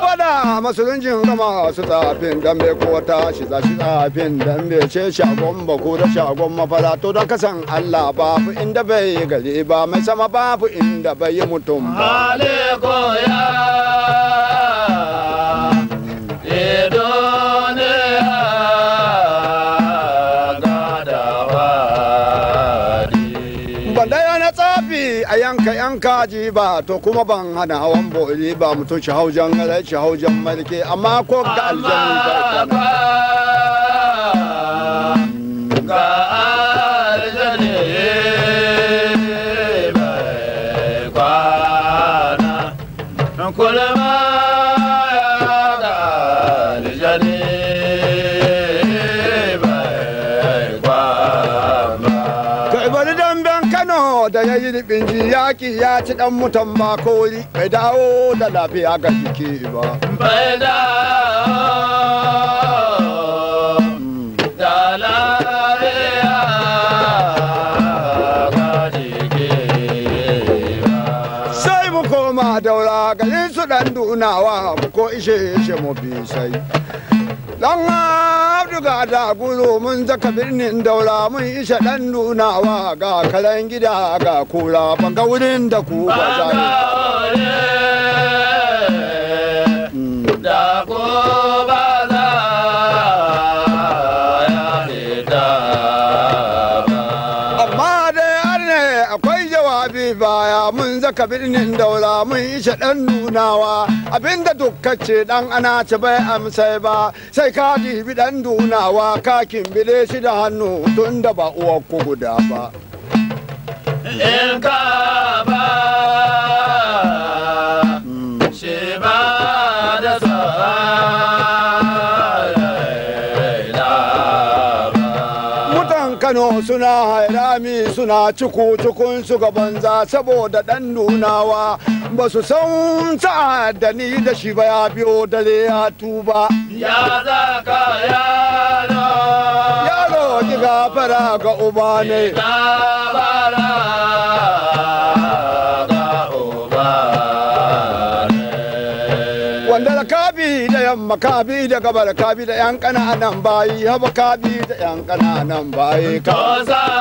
Wada masu rinjin zama masu dambe ko ta shi za shi tafin dambe ce shagon bako da shagon mafara to da kasan Allah ba babu inda bai gari ba mai sama ba babu inda bai yi mutum ba. Alekoya! a yanka yan kaji ba to kuma ban hana hawan bori ba mutum shi haujan shi haujan malke amma ko ga aljanu ba ga Kulma jibin ji yaki ya ci dan mutan makoli bai dawo da lafiya ga jiki ba. Bai dawo da lafiya ga Sai mu koma daura garin su dunawa mu ko ishe shi mu bi sai. dan abduga da guzo mun zaka birnin daura mun isha dan nunawa ga kalan gida ga kura ban ga wurin da ku ba za daga birnin daura mun ishe dan nunawa abinda ce dan ana ci bai amsai ba sai ka dibi dan nunawa ka kimbile shi da hannu tun da ba uwar ku guda ba. kano suna hairami suna ciku cikun su banza saboda dan nunawa ba su san da ni da shi ba ya biyo dare ya tuba ya za ka yaro yaro ki gafara ga uba ne wanda ka yamma ka bi da gabar ka bi da yan nan bayi haba ka bi da yan nan bayi ka